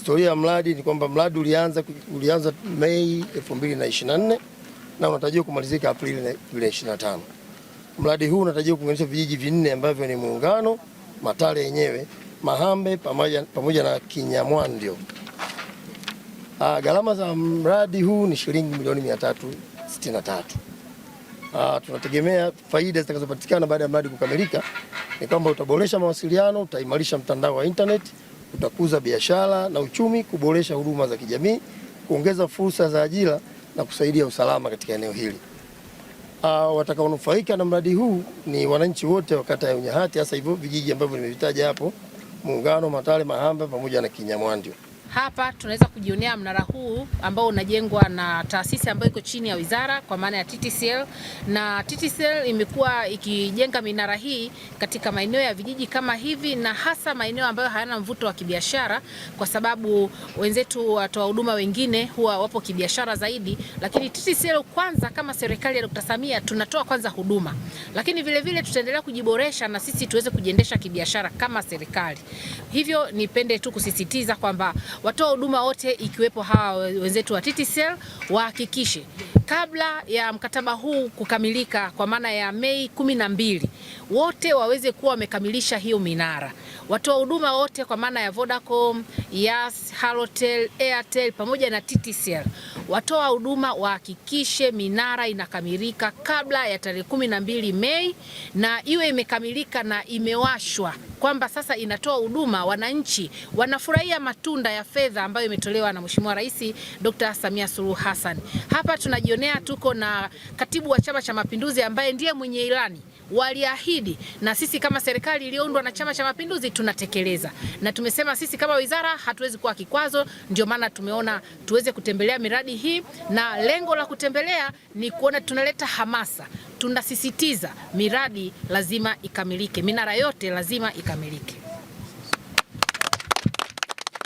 Historia ya mradi ni kwamba mradi ulianza, ulianza Mei 2024 na unatarajiwa kumalizika Aprili 2025. Mradi huu unatarajiwa kuunganisha vijiji vinne ambavyo ni Muungano, Matale yenyewe, Mahambe pamoja, pamoja na Kinyamwandio. Ah, gharama za mradi huu ni shilingi milioni 363. Ah, tunategemea faida zitakazopatikana baada ya mradi kukamilika ni kwamba utaboresha mawasiliano, utaimarisha mtandao wa intaneti kutakuza biashara na uchumi, kuboresha huduma za kijamii, kuongeza fursa za ajira na kusaidia usalama katika eneo hili. Uh, watakaonufaika na mradi huu ni wananchi wote wa kata ya Unyahati, hasa hivyo vijiji ambavyo nimevitaja hapo: Muungano, Matale, Mahamba pamoja na Kinyamwandio. Hapa tunaweza kujionea mnara huu ambao unajengwa na taasisi ambayo iko chini ya wizara kwa maana ya TTCL, na TTCL imekuwa ikijenga minara hii katika maeneo ya vijiji kama hivi, na hasa maeneo ambayo hayana mvuto wa kibiashara, kwa sababu wenzetu watoa huduma wengine huwa wapo kibiashara zaidi. Lakini TTCL kwanza, kama serikali ya Dr. Samia, tunatoa kwanza huduma, lakini vile vile tutaendelea kujiboresha na sisi tuweze kujiendesha kibiashara kama serikali. Hivyo nipende tu kusisitiza kwamba watoa huduma wote ikiwepo hawa wenzetu wa TTCL wahakikishe kabla ya mkataba huu kukamilika kwa maana ya Mei kumi na mbili wote waweze kuwa wamekamilisha hiyo minara. Watoa huduma wote kwa maana ya Vodacom, Yas, Halotel, Airtel pamoja na TTCL, watoa huduma wahakikishe minara inakamilika kabla ya tarehe kumi na mbili Mei na iwe imekamilika na imewashwa kwamba sasa inatoa huduma, wananchi wanafurahia matunda ya fedha ambayo imetolewa na Mheshimiwa Rais Dr. Samia Suluhu Hassan. Hassan. Hapa tunajionea tuko na katibu wa Chama cha Mapinduzi ambaye ndiye mwenye ilani waliahidi na sisi kama serikali iliyoundwa na Chama cha Mapinduzi tunatekeleza, na tumesema sisi kama wizara hatuwezi kuwa kikwazo. Ndio maana tumeona tuweze kutembelea miradi hii, na lengo la kutembelea ni kuona tunaleta hamasa, tunasisitiza miradi lazima ikamilike, minara yote lazima ikamilike.